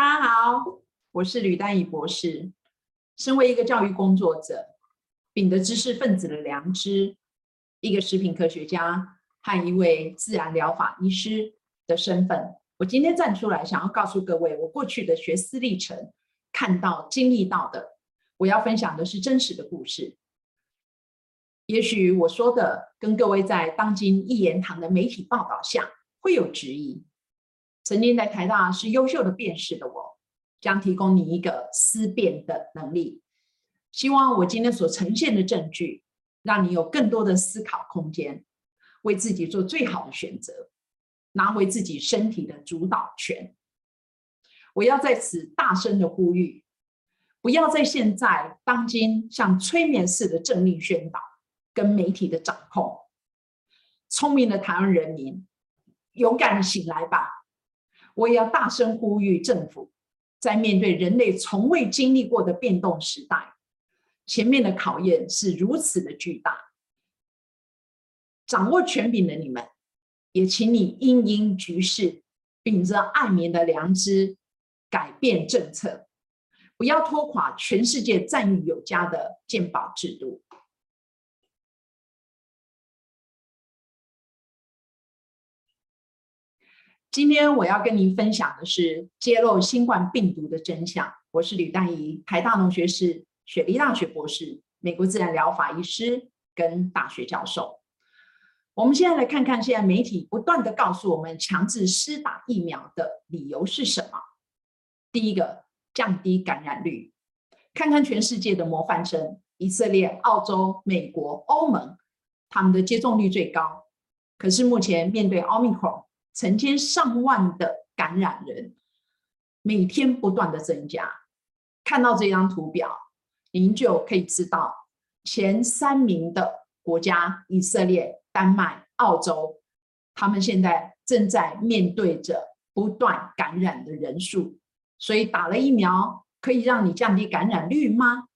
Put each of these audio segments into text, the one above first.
大家好，我是呂丹宜博士。身為一個教育工作者、秉著知識分子的良知、一個食品科學家和一位自然療法醫師的身份，我今天站出來，想要告訴各位我過去的學思歷程，看到、經歷到的。我要分享的是真實的故事。也許我說的跟各位在當今一言堂的媒體報道下會有質疑。曾經在台大是優秀的辯士的我，將提供你一個思辨的能力。希望我今天所呈現的證據，讓你有更多的思考空間，為自己做最好的選擇，拿回自己身體的主導權。我要在此大聲的呼籲，不要在現在當今像催眠式的政令宣導跟媒體的掌控。聰明的台灣人民，勇敢的醒來吧！我也要大聲呼籲政府，在面對人類從未經歷過的變動時代，前面的考驗是如此的巨大。掌握權柄的你們，也請你因應局勢，秉着愛民的良知，改變政策，不要拖垮全世界贊譽有加的健保制度。今天我要跟您分享的是揭露新冠病毒的真相。我是呂丹宜，台大農學士、雪梨大學博士、美國自然療法醫師跟大學教授。我們現在來看看，現在媒體不斷地告訴我們強制施打疫苗的理由是什麼？第一個，降低感染率。看看全世界的模範生，以色列、澳洲、美國、歐盟，他們的接種率最高。可是目前面對 Omicron，成千上萬的感染人，每天不斷的增加。看到這張圖表，您就可以知道前三名的國家：以色列、丹麥、澳洲，他們現在正在面對着不斷感染的人數。所以，打了疫苗可以讓你降低感染率嗎？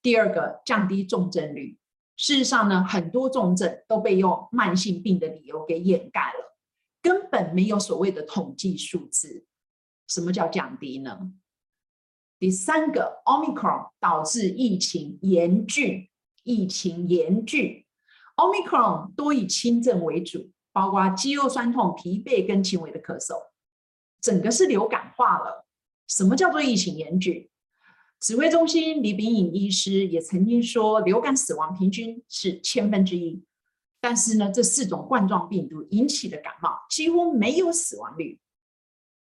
第二個，降低重症率。事實上呢，很多重症都被用慢性病的理由給掩蓋了。根本沒有所謂的統計數字。什麼叫降低呢？第三個，Omicron 導致疫情嚴峻，疫情嚴峻。Omicron 多以輕症為主，包括肌肉酸痛、疲憊跟輕微的咳嗽，整個是流感化了。什麼叫做疫情嚴峻？指揮中心李秉穎醫師也曾經說，流感死亡平均是千分之一。但是呢，這四種冠狀病毒引起的感冒幾乎沒有死亡率。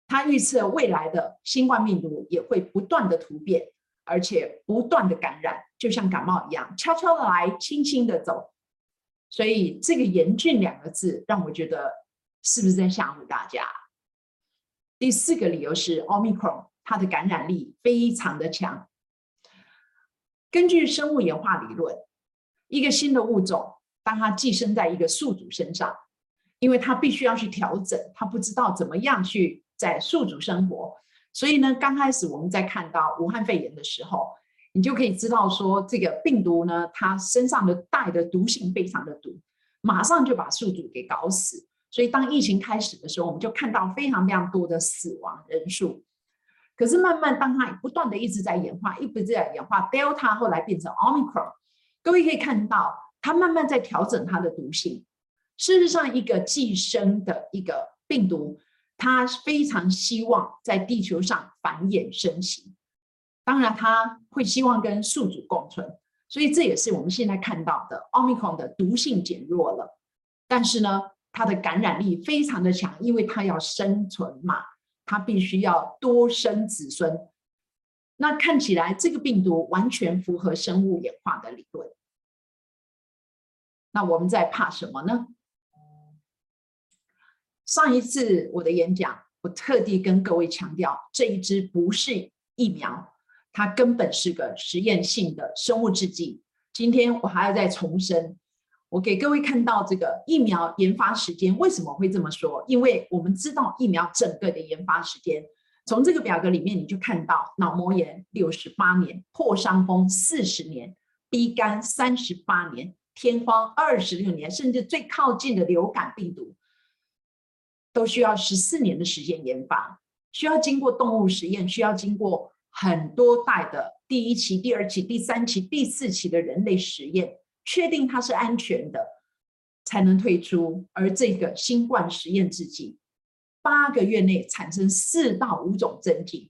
他預測未來的新冠病毒也會不斷的突變，而且不斷的感染，就像感冒一樣，悄悄的來，輕輕的走。所以這個“嚴峻”兩個字讓我覺得是不是在嚇唬大家？第四個理由是，Omicron 它的感染力非常的強。根據生物演化理論，一個新的物種。當他寄生在一個宿主身上，因為他必須要去調整，他不知道怎麼樣去在宿主生活，所以呢，剛開始我們在看到武漢肺炎的時候，你就可以知道說這個病毒呢，它身上的帶的毒性非常的毒，馬上就把宿主給搞死。所以當疫情開始的時候，我們就看到非常非常多的死亡人數。可是慢慢，當它不斷的一直在演化，一直在演化，Delta 後來變成 Omicron，各位可以看到。它慢慢在調整它的毒性。事實上，一個寄生的一個病毒，它非常希望在地球上繁衍生息。當然，它會希望跟宿主共存，所以這也是我們現在看到的 Omicron 的毒性減弱了。但是呢，它的感染力非常的強，因為它要生存嘛，它必須要多生子孫。那看起來，這個病毒完全符合生物演化的理論。那我們在怕什麼呢？上一次我的演講，我特地跟各位強調，這一支不是疫苗，它根本是個實驗性的生物製劑。今天我還要再重申，我給各位看到這個疫苗研發時間，為什麼會這麼說？因為我們知道疫苗整個的研發時間，從這個表格裡面你就看到，腦膜炎六十八年，破傷風四十年，B 肝三十八年。天花二十六年，甚至最靠近的流感病毒，都需要十四年的時間研發，需要經過動物實驗，需要經過很多代的第一期、第二期、第三期、第四期的人類實驗，確定它是安全的，才能推出。而這個新冠實驗制劑，八個月內產生四到五種針劑，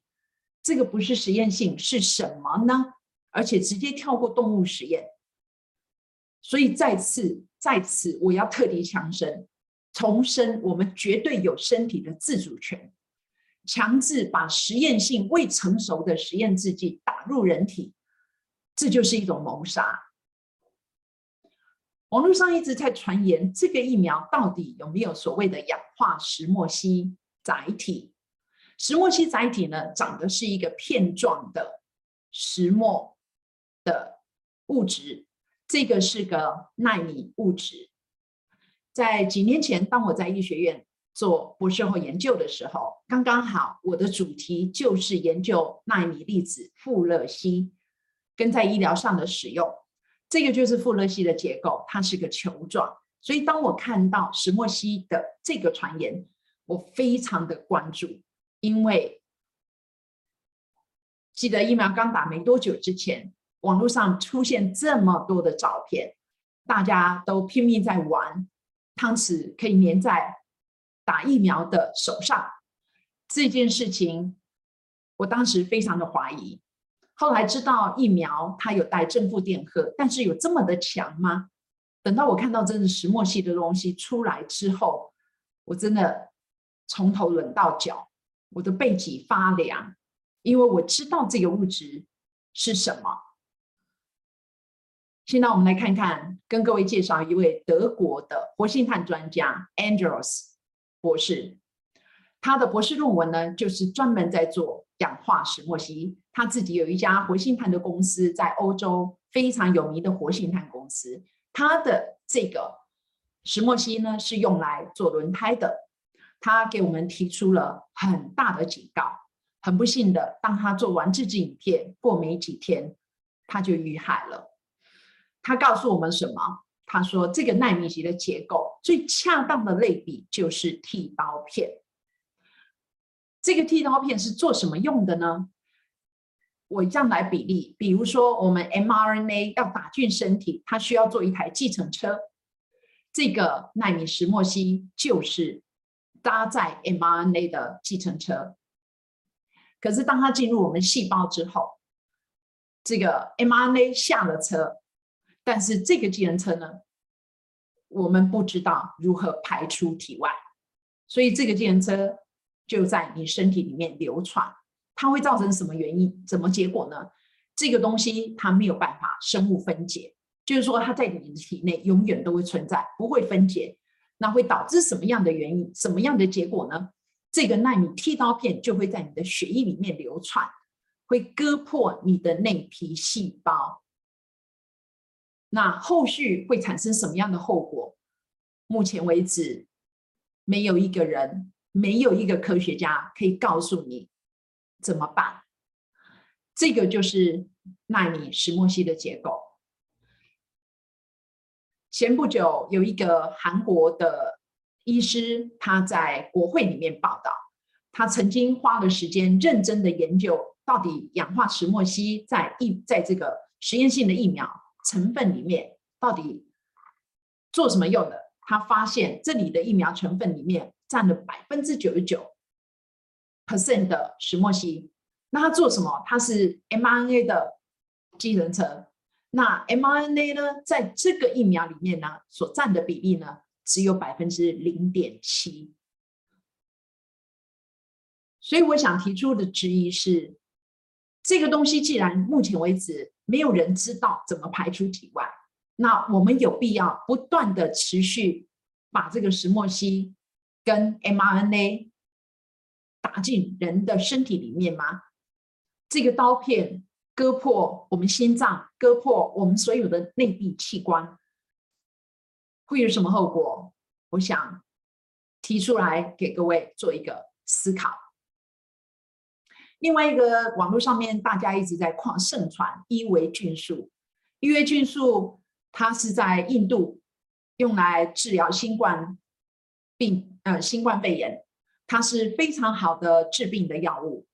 這個不是實驗性，是什麼呢？而且直接跳過動物實驗。所以再次在此，再次我要特別強調、重申，我們絕對有身體的自主權。強制把實驗性未成熟的實驗製劑打入人體，這就是一種謀殺。網絡上一直在傳言，這個疫苗到底有沒有所謂的氧化石墨烯載體？石墨烯載體呢，長得是一個片狀的石墨的物質。這個是個奈米物質，在幾年前，當我在醫學院做博士後研究的時候，剛剛好我的主題就是研究奈米粒子富勒烯，跟在醫療上的使用。這個就是富勒烯的結構，它是個球狀。所以當我看到石墨烯的這個傳言，我非常的關注，因為記得疫苗剛打沒多久之前。網絡上出現這麼多的照片，大家都拼命在玩，湯匙可以粘在打疫苗的手上，這件事情，我當時非常的懷疑。後來知道疫苗它有帶正負電荷，但是有這麼的強嗎？等到我看到真的石墨烯的東西出來之後，我真的從頭冷到腳，我的背脊發涼，因為我知道這個物質是什麼。現在我們來看看，跟各位介紹一位德國的活性炭專家 Andrews 博士。他的博士論文呢，就是專門在做氧化石墨烯。他自己有一家活性炭的公司，在歐洲非常有名的活性炭公司。他的這個石墨烯呢，是用來做輪胎的。他給我們提出了很大的警告。很不幸的，當他做完這支影片，過沒幾天，他就遇害了。他告訴我們什麼？他說這個納米級的結構，最恰當的類比就是剃刀片。這個剃刀片是做什麼用的呢？我這樣來比例，比如說我們 mRNA 要打進身體，它需要坐一台計程車。這個納米石墨烯就是搭載 mRNA 的計程車。可是當它進入我們細胞之後，這個 mRNA 下了車。但是這個檢車呢，我們不知道如何排出體外，所以這個檢車就在你身體裡面流傳。它會造成什麼原因？什麼結果呢？這個東西它沒有辦法生物分解，就是說它在你的體內永遠都會存在，不會分解。那會導致什麼樣的原因？什麼樣的結果呢？這個納米剃刀片就會在你的血液裡面流竄，會割破你的內皮細胞。那後續會產生什麼樣的後果？目前為止，沒有一個人，沒有一個科學家可以告訴你怎麼辦。這個就是奈米石墨烯的結構。前不久有一個韓國的醫師，他在國會裡面報道，他曾經花了時間認真的研究，到底氧化石墨烯在疫在這個實驗性的疫苗。成分裡面到底做什麼用的？他發現這裡的疫苗成分裡面占了百分之九十九 percent 的石墨烯。那它做什麼？它是 mRNA 的基能層。那 mRNA 呢，在這個疫苗裡面呢，所占的比例呢，只有百分之零點七。所以我想提出的質疑是，這個東西既然目前為止沒有人知道怎麼排出體外，那我們有必要不斷的持續把這個石墨烯跟 mRNA 打進人的身體裡面嗎？這個刀片割破我們心臟，割破我們所有的內壁器官，會有什麼後果？我想提出來給各位做一個思考。另外一個，網絡上面大家一直在狂盛傳伊維菌素，伊維菌素它是在印度用來治療新冠病，呃，新冠肺炎，它是非常好的治病的藥物。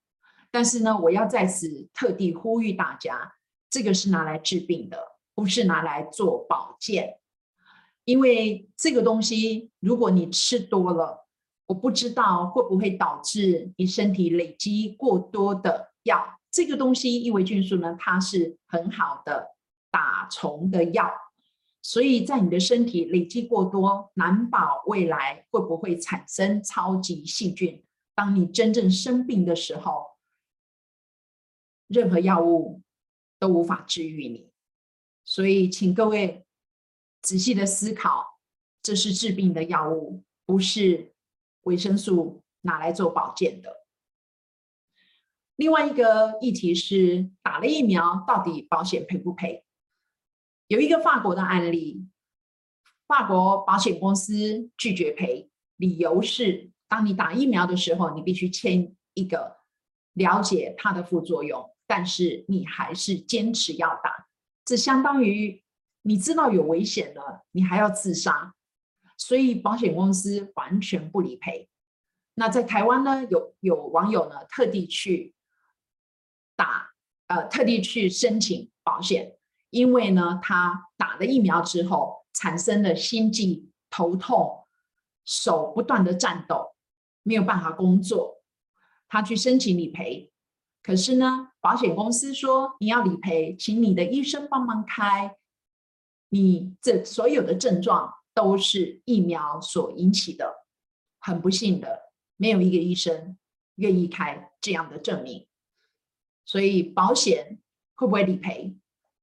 但是呢，我要在此特地呼籲大家，這個是拿來治病的，不是拿來做保健，因為這個東西如果你吃多了。我不知道會不會導致你身體累積過多的藥。這個東西伊維菌素呢，它是很好的打蟲的藥，所以在你的身體累積過多，難保未來會不會產生超級細菌。當你真正生病的時候，任何藥物都無法治癒你。所以，請各位仔細的思考，這是治病的藥物，不是。維生素拿來做保健的。另外一個議題是打了疫苗到底保險賠不賠？有一個法國的案例，法國保險公司拒絕賠，理由是：當你打疫苗的時候，你必須簽一個了解它的副作用，但是你還是堅持要打，這相當於你知道有危險了，你還要自殺。所以保險公司完全不理賠。那在台灣呢，有有網友呢特地去打，呃，特地去申請保險，因為呢他打了疫苗之後產生了心悸、頭痛、手不斷的顫抖，沒有辦法工作。他去申請理賠，可是呢，保險公司說你要理賠，請你的醫生幫忙開你這所有的症狀。都是疫苗所引起的，很不幸的，沒有一個醫生願意開這樣的證明，所以保險會不會理賠，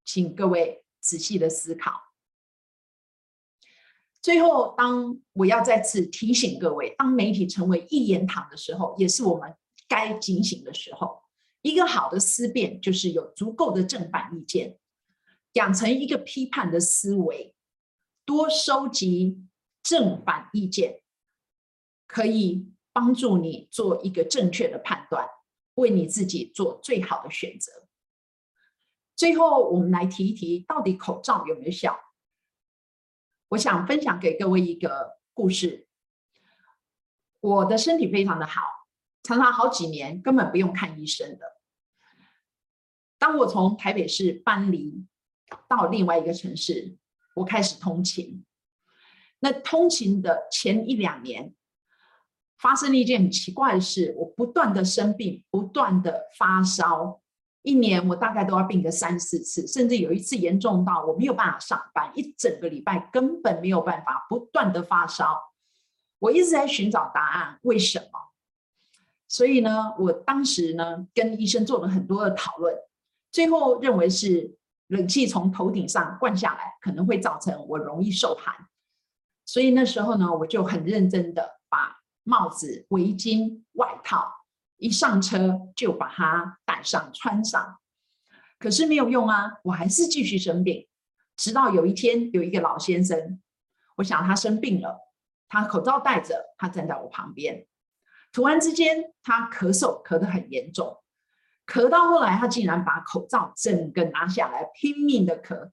請各位仔細的思考。最後，當我要再次提醒各位，當媒體成為一言堂的時候，也是我們該警醒的時候。一個好的思辨，就是有足夠的正反意見，養成一個批判的思維。多收集正反意見，可以幫助你做一個正確的判斷，為你自己做最好的選擇。最後，我們來提一提到底口罩有沒有效？我想分享給各位一個故事。我的身體非常的好，常常好幾年根本不用看醫生的。當我從台北市搬離到另外一個城市，我開始通勤，那通勤的前一兩年，發生了一件很奇怪的事，我不斷的生病，不斷的發燒，一年我大概都要病個三四次，甚至有一次嚴重到我沒有辦法上班，一整個禮拜根本沒有辦法，不斷的發燒，我一直在尋找答案，為什麼？所以呢，我當時呢，跟醫生做了很多的討論，最後認為是。冷氣從頭頂上灌下來，可能會造成我容易受寒，所以那時候呢，我就很認真的把帽子、圍巾、外套一上車就把它戴上穿上，可是沒有用啊，我還是繼續生病。直到有一天，有一個老先生，我想他生病了，他口罩戴着，他站在我旁邊，突然之間他咳嗽咳得很嚴重。咳到後來，他竟然把口罩整個拿下來，拼命的咳，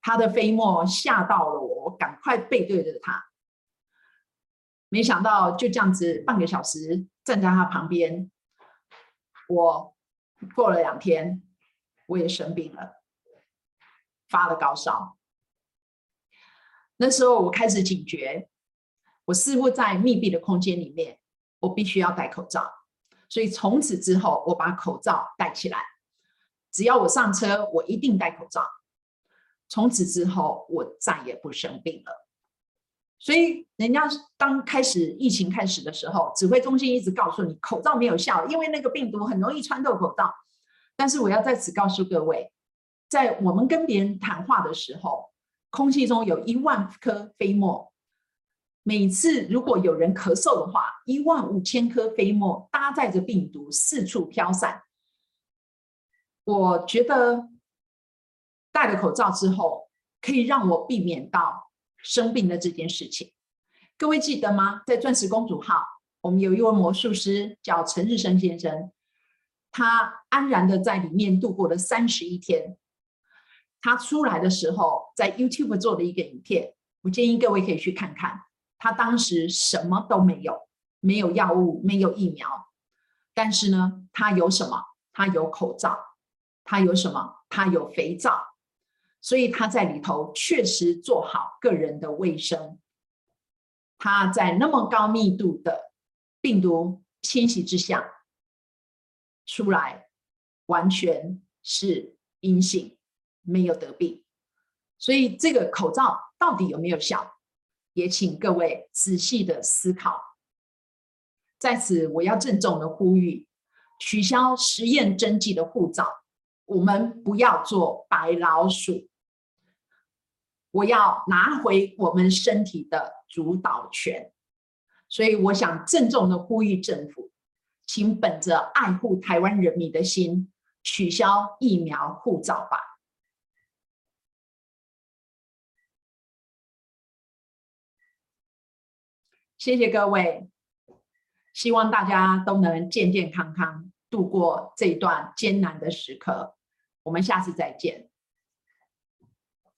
他的飛沫嚇到了我，我趕快背對着他。沒想到就這樣子半個小時站在他旁邊，我過了兩天，我也生病了，發了高燒。那時候我開始警覺，我似乎在密閉的空間裡面，我必須要戴口罩。所以從此之後，我把口罩戴起來。只要我上車，我一定戴口罩。從此之後，我再也不生病了。所以，人家當開始疫情開始的時候，指揮中心一直告訴你口罩沒有效，因為那個病毒很容易穿透口罩。但是，我要在此告訴各位，在我們跟別人談話的時候，空氣中有一萬顆飛沫。每次如果有人咳嗽的話，一萬五千顆飛沫搭載着病毒四處飄散。我覺得戴了口罩之後，可以讓我避免到生病的這件事情。各位記得嗎？在鑽石公主號，我們有一位魔術師叫陳日升先生，他安然的在裡面度過了三十一天。他出來的時候，在 YouTube 做了一個影片，我建議各位可以去看看。他當時什麼都沒有，沒有藥物，沒有疫苗，但是呢，他有什麼？他有口罩，他有什麼？他有肥皂，所以他在裡頭確實做好個人的衛生。他在那麼高密度的病毒侵襲之下，出來完全是陰性，沒有得病。所以這個口罩到底有沒有效？也請各位仔細的思考。在此，我要鄭重的呼籲，取消實驗針劑的護照，我們不要做白老鼠。我要拿回我們身體的主導權。所以，我想鄭重的呼籲政府，請本着愛護台灣人民的心，取消疫苗護照吧。謝謝各位，希望大家都能健健康康度過這一段艱難的時刻。我們下次再見。